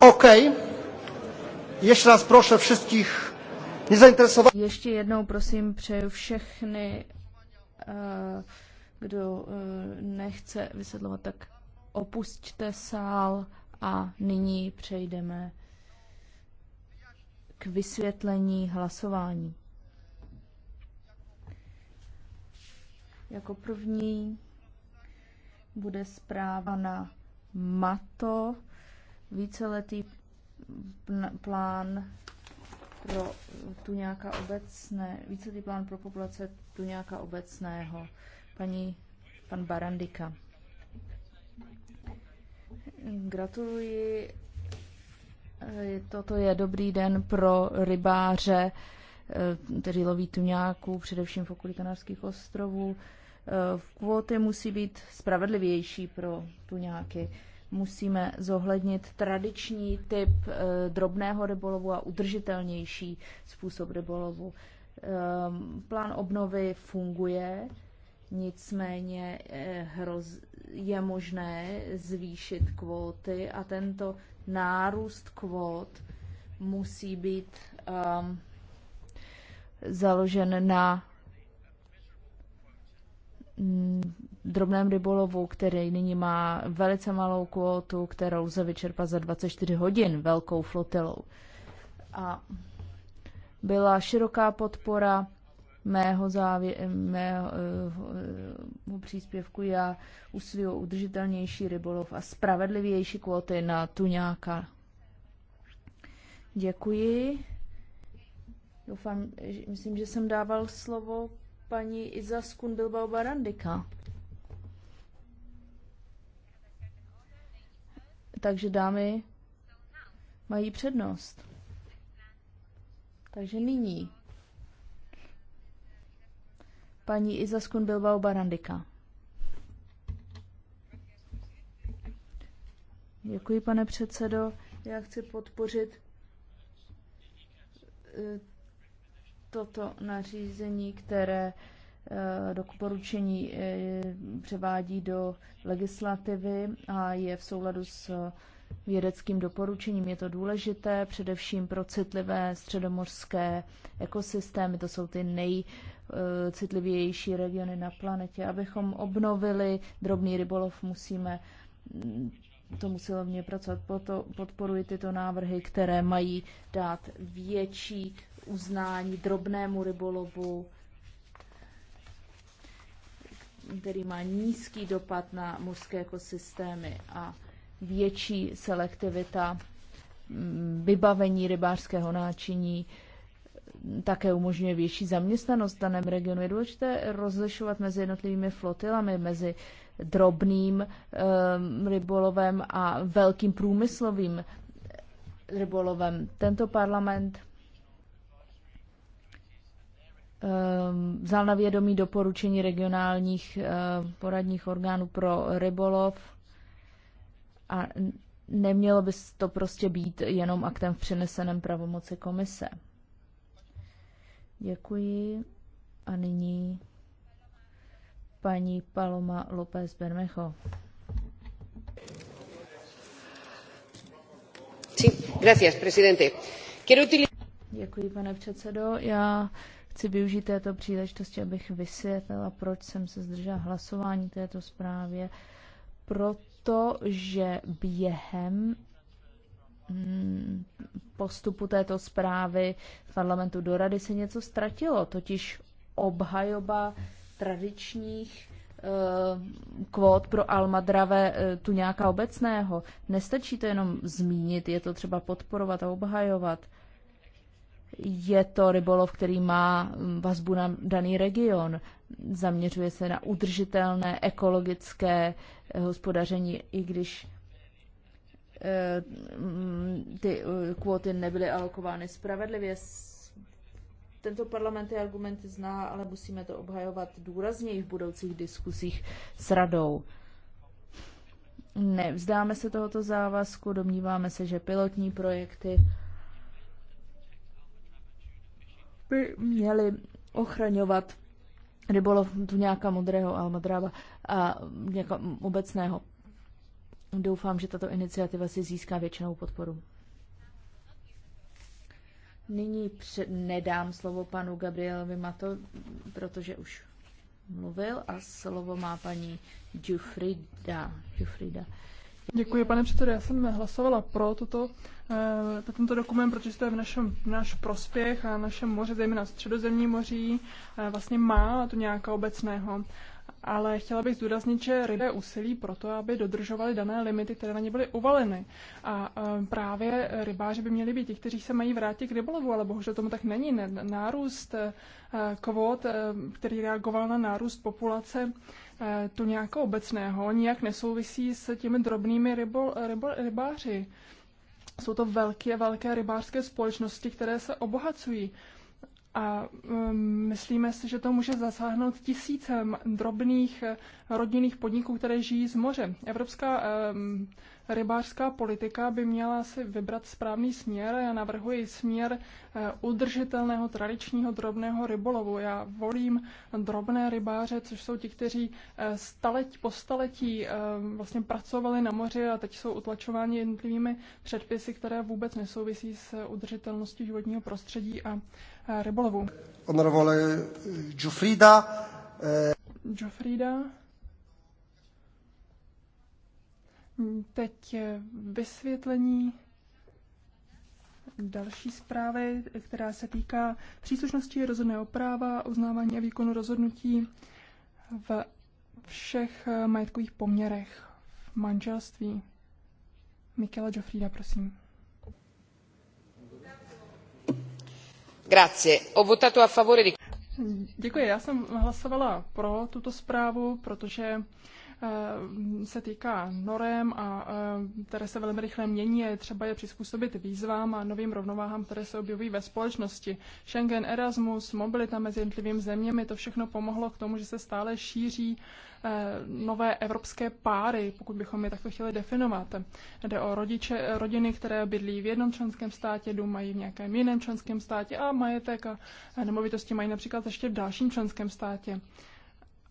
OK. Ještě raz prosím všech nezainteresovaných. Ještě jednou prosím přeju všechny, eh, kdo eh, nechce vysvětlovat, tak opusťte sál a nyní přejdeme k vysvětlení hlasování. Jako první bude zpráva na Mato víceletý plán pro tu nějaká obecné, víceletý plán pro populace tu nějaká obecného, paní, pan Barandika. Gratuluji. Toto je dobrý den pro rybáře, eh, kteří loví tuňáků, především v okolí Kanárských ostrovů. Eh, Kvóty musí být spravedlivější pro tuňáky. Musíme zohlednit tradiční typ eh, drobného rybolovu a udržitelnější způsob rybolovu. Ehm, plán obnovy funguje, nicméně eh, je možné zvýšit kvóty a tento nárůst kvót musí být um, založen na mm, drobném rybolovu, který nyní má velice malou kvótu, kterou lze vyčerpat za 24 hodin velkou flotilou. A byla široká podpora mého, závě- mého uh, příspěvku. Já usiluji udržitelnější rybolov a spravedlivější kvóty na tuňáka. Děkuji. Doufám, že, myslím, že jsem dával slovo paní Izaskun Bilbao Barandika. takže dámy mají přednost. Takže nyní paní Izaskun Bilbao Barandika. Děkuji, pane předsedo. Já chci podpořit eh, toto nařízení, které Eh, doporučení eh, převádí do legislativy a je v souladu s vědeckým doporučením. Je to důležité především pro citlivé středomořské ekosystémy, to jsou ty nejcitlivější eh, regiony na planetě. Abychom obnovili drobný rybolov, musíme mm, to muselo mě pracovat. Proto podporuji tyto návrhy, které mají dát větší uznání drobnému rybolovu který má nízký dopad na mořské ekosystémy a větší selektivita mm, vybavení rybářského náčiní mm, také umožňuje větší zaměstnanost v daném regionu. Je důležité rozlišovat mezi jednotlivými flotilami, mezi drobným um, rybolovem a velkým průmyslovým rybolovem. Tento parlament Ehm, vzal na vědomí doporučení regionálních ehm, poradních orgánů pro rybolov a nemělo by to prostě být jenom aktem v přeneseném pravomoci komise. Děkuji. A nyní paní Paloma López Bermejo. Sí, gracias, presidente. Quiero utilizar... Děkuji, pane předsedo. Já Chci využít této příležitosti, abych vysvětlila, proč jsem se zdržela hlasování této zprávě. Protože během mm, postupu této zprávy z parlamentu do rady se něco ztratilo, totiž obhajoba tradičních eh, kvót pro Almadrave eh, tu nějaká obecného. Nestačí to jenom zmínit, je to třeba podporovat a obhajovat je to rybolov, který má mm, vazbu na daný region. Zaměřuje se na udržitelné ekologické eh, hospodaření, i když eh, mm, ty eh, kvóty nebyly alokovány spravedlivě. Tento parlament ty argumenty zná, ale musíme to obhajovat důrazněji v budoucích diskusích s radou. Nevzdáme se tohoto závazku, domníváme se, že pilotní projekty by měli ochraňovat rybolov tu nějaká modrého a modrába a nějaká obecného. Doufám, že tato iniciativa si získá většinou podporu. Nyní před, nedám slovo panu Gabrielovi Mato, protože už mluvil a slovo má paní Jufrida. Jufrida. Děkuji, pane předsedo. Já jsem hlasovala pro tuto, uh, tento dokument, protože to je v našem, v náš prospěch a našem moře, zejména středozemní moří, uh, vlastně má to nějaká obecného. Ale chtěla bych zdůraznit, že lidé úsilí pro to, aby dodržovali dané limity, které na ně byly uvaleny. A eh, právě rybáři by měli být ti, kteří se mají vrátit k rybolovu, ale bohužel tomu tak není. Nárůst eh, kvót, eh, který reagoval na nárůst populace, Eh, tu nějakého obecného, nijak nesouvisí s těmi drobnými rybo, rybo, rybáři. Jsou to velké, velké rybářské společnosti, které se obohacují. A ehm, myslíme si, že to může zasáhnout tisícem drobných eh, rodinných podniků, které žijí z moře. Evropská ehm, rybářská politika by měla si vybrat správný směr. Já navrhuji směr eh, udržitelného tradičního drobného rybolovu. Já volím drobné rybáře, což jsou ti, kteří eh, staleť po staletí eh, vlastně pracovali na moři a teď jsou utlačováni jednotlivými předpisy, které vůbec nesouvisí s udržitelností životního prostředí a rybolovu. Honorable Jufrida. Jufrida. Hm, teď eh, vysvětlení další zprávy, která se týká příslušnosti rozhodného práva, uznávání a výkonu rozhodnutí v všech eh, majetkových poměrech v manželství. Michela Joffrida, prosím. Grazie. Ho votato a favore di... Děkuji, já jsem hlasovala pro tuto zprávu, protože Eh, se týká norem, a, eh, které se velmi rychle mění je třeba je přizpůsobit výzvám a novým rovnováhám, které se objevují ve společnosti. Schengen, Erasmus, mobilita mezi jednotlivými zeměmi, to všechno pomohlo k tomu, že se stále šíří eh, nové evropské páry, pokud bychom je takto chtěli definovat. Jde o rodiče, rodiny, které bydlí v jednom členském státě, dům mají v nějakém jiném členském státě a majetek a nemovitosti mají například ještě v dalším členském státě.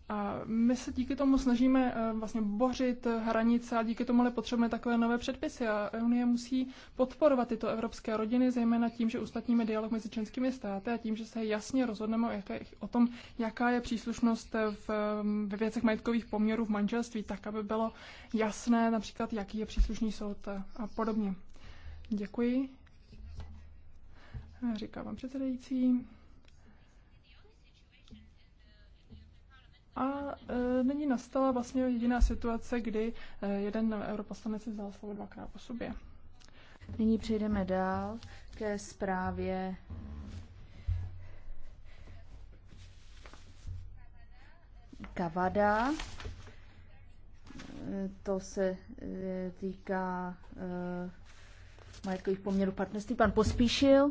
A my se díky tomu snažíme eh, vlastně bořit hranice a díky tomu ale potřebujeme takové nové předpisy a Unie musí podporovat tyto evropské rodiny, zejména tím, že ustatníme dialog mezi členskými státy a tím, že se jasně rozhodneme o, jaké, o tom, jaká je příslušnost eh, v, eh, ve věcech majetkových poměrů v manželství, tak aby bylo jasné například, jaký je příslušný soud a podobně. Děkuji. Říká vám předsedající. A e, nyní nastala vlastně jediná situace, kdy e, jeden europoslanec si vzal slovo dvakrát po sobě. Nyní přejdeme dál ke zprávě Kavada. To se e, týká e, majetkových poměrů partnerství. Pan Pospíšil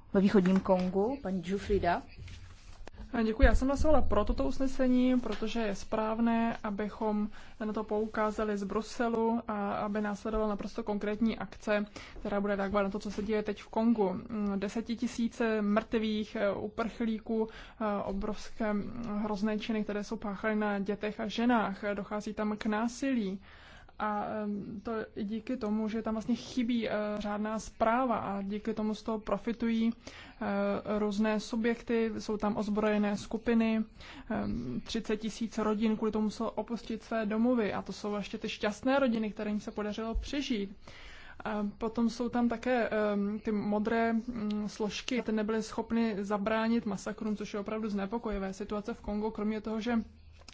ve východním Kongu, paní Jufrida. Děkuji. Já jsem hlasovala pro toto usnesení, protože je správné, abychom na to poukázali z Bruselu a aby následoval naprosto konkrétní akce, která bude reagovat na to, co se děje teď v Kongu. Desetitisíce mrtvých eh, uprchlíků, eh, obrovské hrozné činy, které jsou páchané na dětech a ženách. Dochází tam k násilí a to díky tomu, že tam vlastně chybí e, řádná zpráva a díky tomu z toho profitují e, různé subjekty, jsou tam ozbrojené skupiny, 30 tisíc rodin kvůli tomu muselo opustit své domovy a to jsou ještě ty šťastné rodiny, kterým se podařilo přežít. A potom jsou tam také um, ty modré um, složky, ty nebyly schopny zabránit masakrům, což je opravdu znepokojivé situace v Kongo, kromě toho, že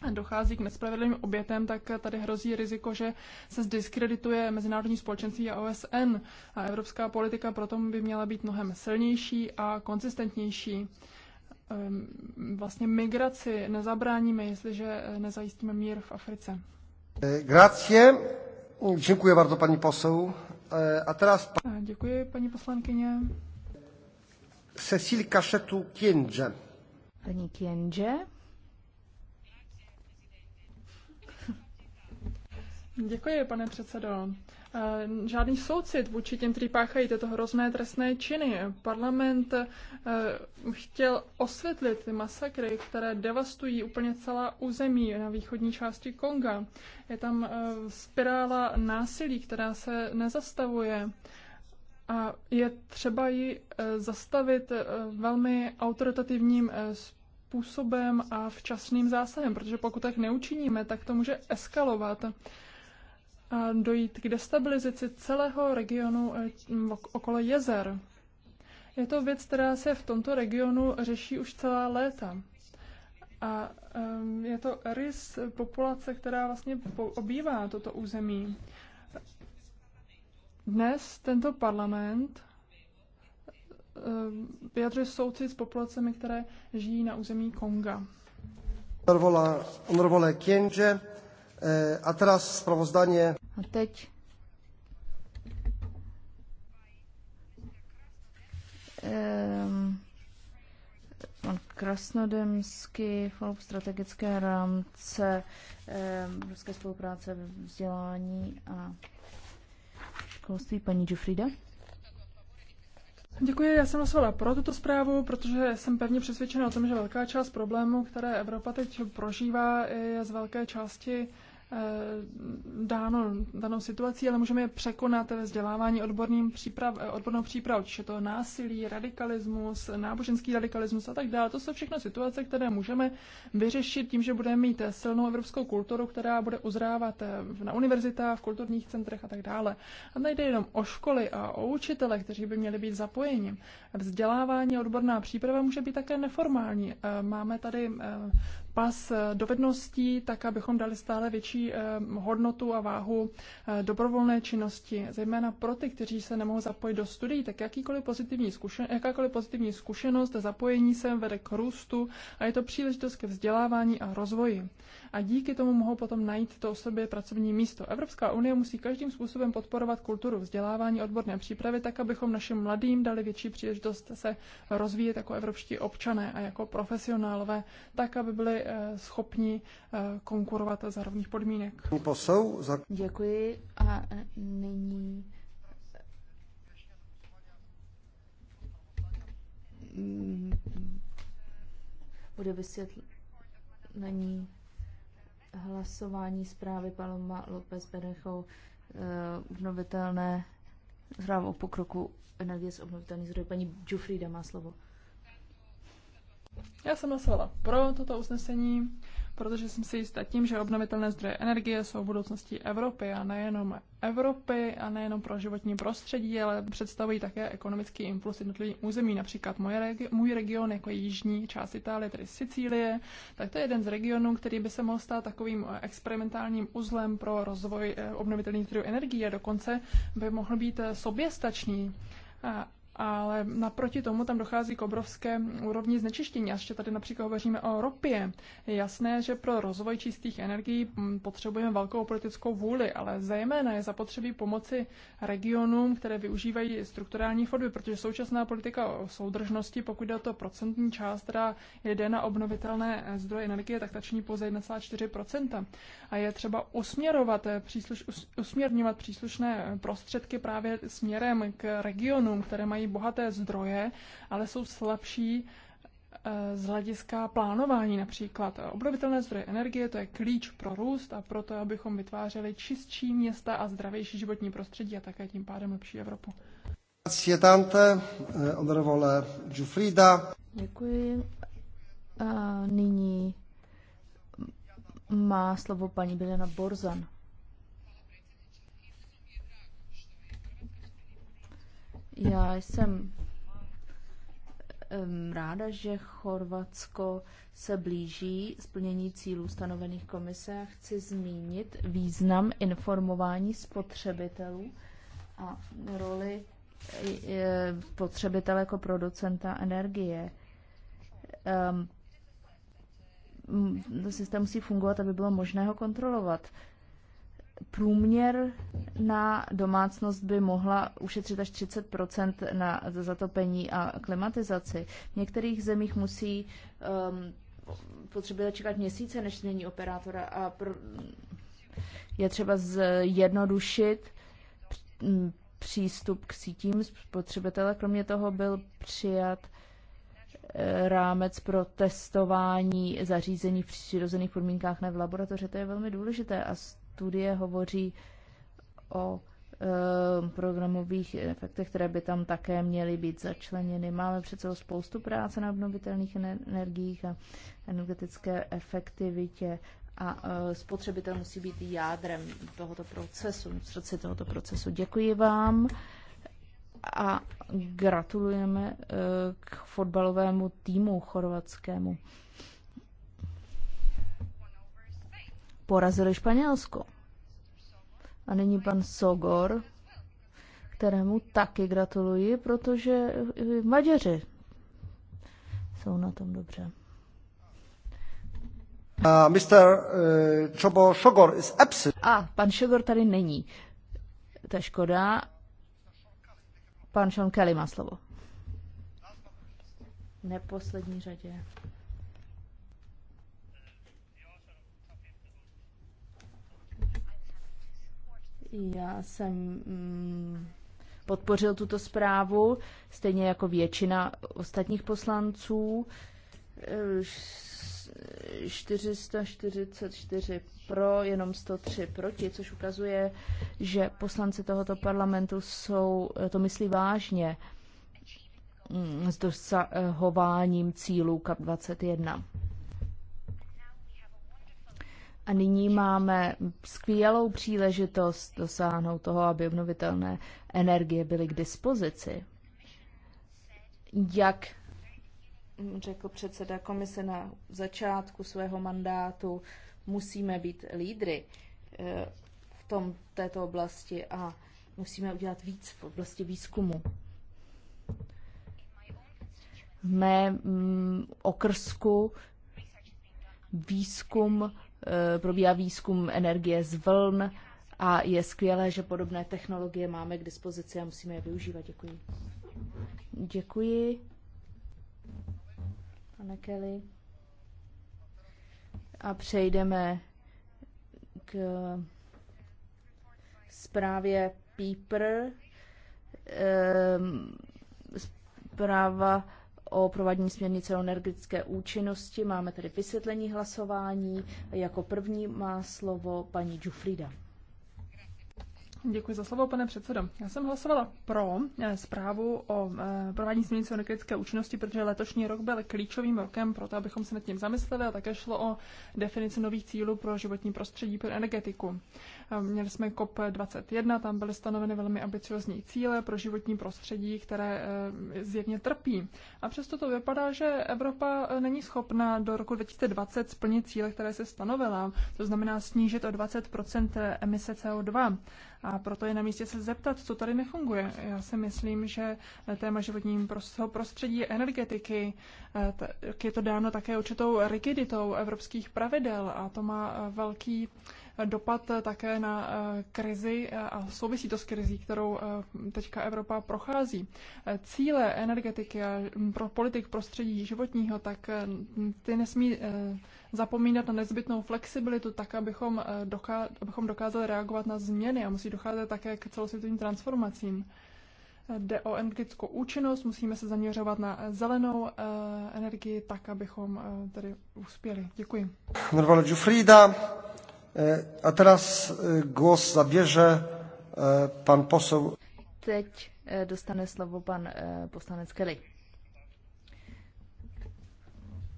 dochází k nespravedlivým obětem, tak tady hrozí riziko, že se zdiskredituje mezinárodní společenství a OSN. A evropská politika proto by měla být mnohem silnější a konsistentnější. Ehm, vlastně migraci nezabráníme, jestliže eh, nezajistíme mír v Africe. Eh, grazie. Děkuji bardzo, paní posou. Eh, a teraz... Děkuji, paní poslankyně. Cecil Kašetu Kienže. Paní Kienže. Děkuji, pane předsedo. Eh, žádný soucit vůči těm, kteří páchají tyto hrozné trestné činy. Parlament eh, chtěl osvětlit ty masakry, které devastují úplně celá území na východní části Konga. Je tam eh, spirála násilí, která se nezastavuje. A je třeba ji zastavit velmi autoritativním způsobem a včasným zásahem, protože pokud tak neučiníme, tak to může eskalovat dojít k destabilizaci celého regionu eh, okolo jezer. Je to věc, která se v tomto regionu řeší už celá léta. A ehm, je to rys populace, která vlastně obývá toto území. Dnes tento parlament ehm, vyjadřuje souci s populacemi, které žijí na území Konga. Honorable Kienge, Eh, a teraz zpravozdanie. A teď Um, pan Krasnodemský, Forum strategické rámce um, ruské spolupráce ve vzdělání a školství, paní Jufrida. Děkuji, já jsem hlasovala pro tuto zprávu, protože jsem pevně přesvědčena o tom, že velká část problémů, které Evropa teď prožívá, je z velké části Eh, dáno danou situací, ale můžeme je překonat vzdělávání odborným příprav, eh, odbornou přípravou, čiže to násilí, radikalismus, náboženský radikalismus a tak dále. To jsou všechno situace, které můžeme vyřešit tím, že budeme mít silnou evropskou kulturu, která bude uzrávat eh, na univerzitách, v kulturních centrech a tak dále. A nejde jenom o školy a o učitele, kteří by měli být zapojeni. Vzdělávání odborná příprava může být také neformální. Máme tady pas eh, dovedností, tak abychom dali stále větší eh, hodnotu a váhu eh, dobrovolné činnosti, zejména pro ty, kteří se nemohou zapojit do studií, tak jakýkoliv pozitivní zkušenost, jakákoliv pozitivní zkušenost, zapojení se vede k růstu a je to příležitost ke vzdělávání a rozvoji. A díky tomu mohou potom najít to sobě pracovní místo. Evropská unie musí každým způsobem podporovat kulturu vzdělávání odborné přípravy, tak abychom našim mladým dali větší příležitost se rozvíjet jako evropští občané a jako profesionálové, tak aby byli Eh, schopni eh, konkurovat za rovných podmínek. Děkuji a eh, nyní mm, bude vysvětlení hlasování zprávy Paloma López Berecho obnovitelné zprávu o pokroku energie z obnovitelných zdrojů. Paní Jufrida má slovo. Já jsem hlasovala pro toto usnesení, protože jsem si jistá tím, že obnovitelné zdroje energie jsou budoucností Evropy a nejenom Evropy a nejenom pro životní prostředí, ale představují také ekonomický impuls jednotlivým území. Například moje regi- můj region, jako jižní část Itálie, tedy Sicílie, tak to je jeden z regionů, který by se mohl stát takovým eh, experimentálním uzlem pro rozvoj eh, obnovitelných zdrojů energie a dokonce by mohl být eh, soběstačný. A ale naproti tomu tam dochází k obrovské úrovni znečištění. Až tady například hovoříme o ropě. Je jasné, že pro rozvoj čistých energií mm, potřebujeme velkou politickou vůli, ale zejména je zapotřebí pomoci regionům, které využívají strukturální fondy, protože současná politika o soudržnosti, pokud jde o to procentní část, která jde na obnovitelné zdroje energie, tak ta pouze 1,4 A je třeba usměrovat, eh, přísluš, usměrňovat příslušné prostředky právě směrem k regionům, které mají bohaté zdroje, ale jsou slabší eh, z hlediska plánování například. Obnovitelné zdroje energie, to je klíč pro růst a proto, abychom vytvářeli čistší města a zdravější životní prostředí a také tím pádem lepší Evropu. Eh, Děkuji. A nyní má slovo paní Bilena Borzan. Já jsem ráda, že Chorvatsko se blíží splnění cílů stanovených komise a chci zmínit význam informování spotřebitelů a roli spotřebitele e, e, jako producenta energie. Um, systém musí fungovat, aby bylo možné ho kontrolovat průměr na domácnost by mohla ušetřit až 30 na zatopení a klimatizaci. V některých zemích musí um, potřebuje čekat měsíce, než změní operátora a pro, je třeba zjednodušit přístup k sítím spotřebitele. Kromě toho byl přijat eh, rámec pro testování zařízení v přirozených podmínkách, ne v laboratoři. To je velmi důležité a z studie hovoří o eh, programových efektech, které by tam také měly být začleněny. Máme přece spoustu práce na obnovitelných energiích a energetické efektivitě a eh, spotřebitel musí být jádrem tohoto procesu, srdci tohoto procesu. Děkuji vám a gratulujeme eh, k fotbalovému týmu chorvatskému. porazili Španělsko. A nyní pan Sogor, kterému taky gratuluji, protože Maďaři jsou na tom dobře. Uh, Mr. Uh, Chobo Sogor is absent. A, pan Sogor tady není. To je škoda. Pan Sean Kelly má slovo. Neposlední řadě. Já jsem mm, podpořil tuto zprávu, stejně jako většina ostatních poslanců. 444 eh, pro, jenom 103 proti, což ukazuje, že poslanci tohoto parlamentu jsou, eh, to myslí vážně mm, s dosahováním cílů KAP 21. A nyní máme skvělou příležitost dosáhnout toho, aby obnovitelné energie byly k dispozici. Jak řekl předseda komise na začátku svého mandátu, musíme být lídry eh, v tom, této oblasti a musíme udělat víc v oblasti výzkumu. V mé mm, okrsku výzkum Eh, probíhá výzkum energie z vln a je skvělé, že podobné technologie máme k dispozici a musíme je využívat. Děkuji. Děkuji. Pane Kelly. A přejdeme k zprávě PIPR. Eh, zpráva o provádění směrnice o energetické účinnosti. Máme tedy vysvětlení hlasování. Jako první má slovo paní Jufrida. Děkuji za slovo, pane předsedo. Já jsem hlasovala pro eh, zprávu o eh, provádění směrnice o nekritické účinnosti, protože letošní rok byl klíčovým rokem pro to, abychom se nad tím zamysleli a také šlo o definici nových cílů pro životní prostředí pro energetiku. Eh, měli jsme COP21, tam byly stanoveny velmi ambiciozní cíle pro životní prostředí, které zjevně trpí. A přesto to vypadá, že Evropa není schopna do roku 2020 splnit cíle, které se stanovila, to znamená snížit o 20 emise CO2. A proto je na místě se zeptat, co tady nefunguje. Já si myslím, že téma životního prostředí energetiky, eh, je to dáno také určitou rigiditou evropských pravidel a to má eh, velký dopad eh, také na eh, krizi eh, a souvisí to s krizí, kterou teďka Evropa prochází. Cíle energetiky a mm, pro politik prostředí životního, tak ty nesmí zapomínat na nezbytnou flexibilitu, tak abychom, doká- abychom dokázali reagovat na změny a musí docházet také k celosvětovým transformacím. Jde o energetickou účinnost, musíme se zaměřovat na zelenou energii, tak abychom tedy uspěli. Děkuji. Norvalo Giuffrida, Eh, a teraz eh, głos zabierze eh, pan poseł. Teď dostane slovo pan poslanec Kelly.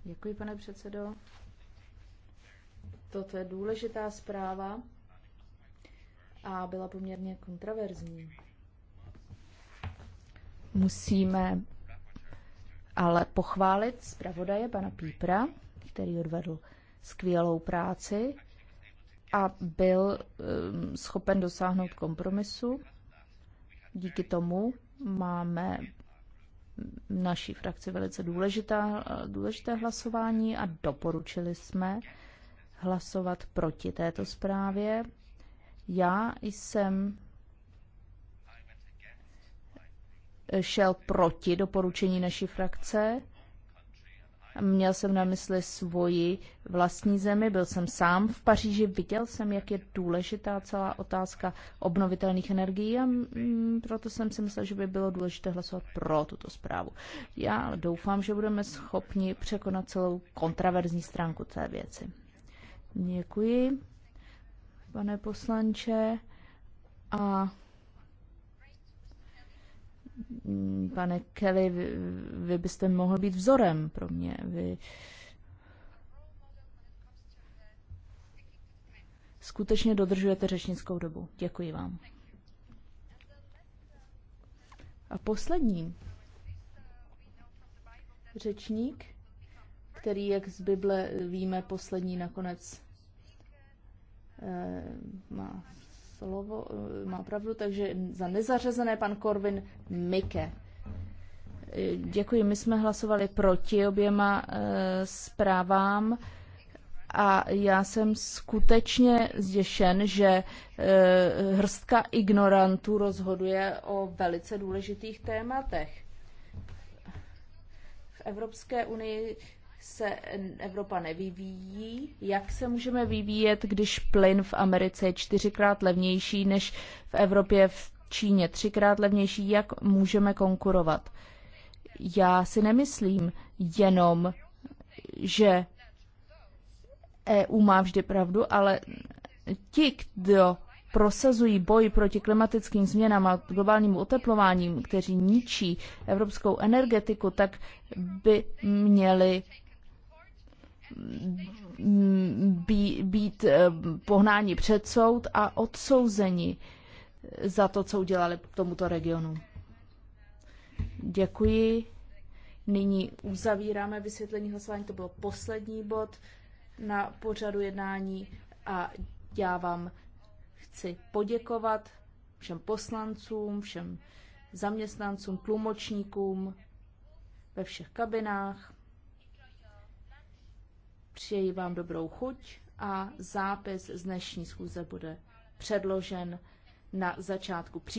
Děkuji, pane předsedo. Toto je důležitá zpráva a byla poměrně kontroverzní. Musíme ale pochválit zpravodaje pana Pípra, který odvedl skvělou práci a byl ehm, schopen dosáhnout kompromisu. Díky tomu máme naší frakci velice důležitá, důležité hlasování a doporučili jsme hlasovat proti této zprávě. Já jsem šel proti doporučení naší frakce Měl jsem na mysli svoji vlastní zemi, byl jsem sám v Paříži, viděl jsem, jak je důležitá celá otázka obnovitelných energií a mm, proto jsem si myslel, že by bylo důležité hlasovat pro tuto zprávu. Já doufám, že budeme schopni překonat celou kontraverzní stránku té věci. Děkuji, pane poslanče. A Mm, pane Kelly, vy, vy byste mohl být vzorem pro mě. Vy skutečně dodržujete řečnickou dobu. Děkuji vám. A poslední řečník, který, jak z Bible víme, poslední nakonec eh, má slovo, eh, má pravdu, takže za nezařazené pan Korvin Mike. Eh, děkuji, my jsme hlasovali proti oběma eh, zprávám a já jsem skutečně zděšen, že hrstka ignorantů rozhoduje o velice důležitých tématech. V Evropské unii se Evropa nevyvíjí. Jak se můžeme vyvíjet, když plyn v Americe je čtyřikrát levnější než v Evropě, v Číně třikrát levnější? Jak můžeme konkurovat? Já si nemyslím jenom, že EU má vždy pravdu, ale ti, kdo prosazují boj proti klimatickým změnám a globálním oteplováním, kteří ničí evropskou energetiku, tak by měli být eh, pohnáni před soud a odsouzeni za to, co udělali tomuto regionu. Děkuji. Nyní uzavíráme vysvětlení hlasování. To byl poslední bod na pořadu jednání a já vám chci poděkovat všem poslancům, všem zaměstnancům, tlumočníkům ve všech kabinách. Přeji vám dobrou chuť a zápis z dnešní schůze bude předložen na začátku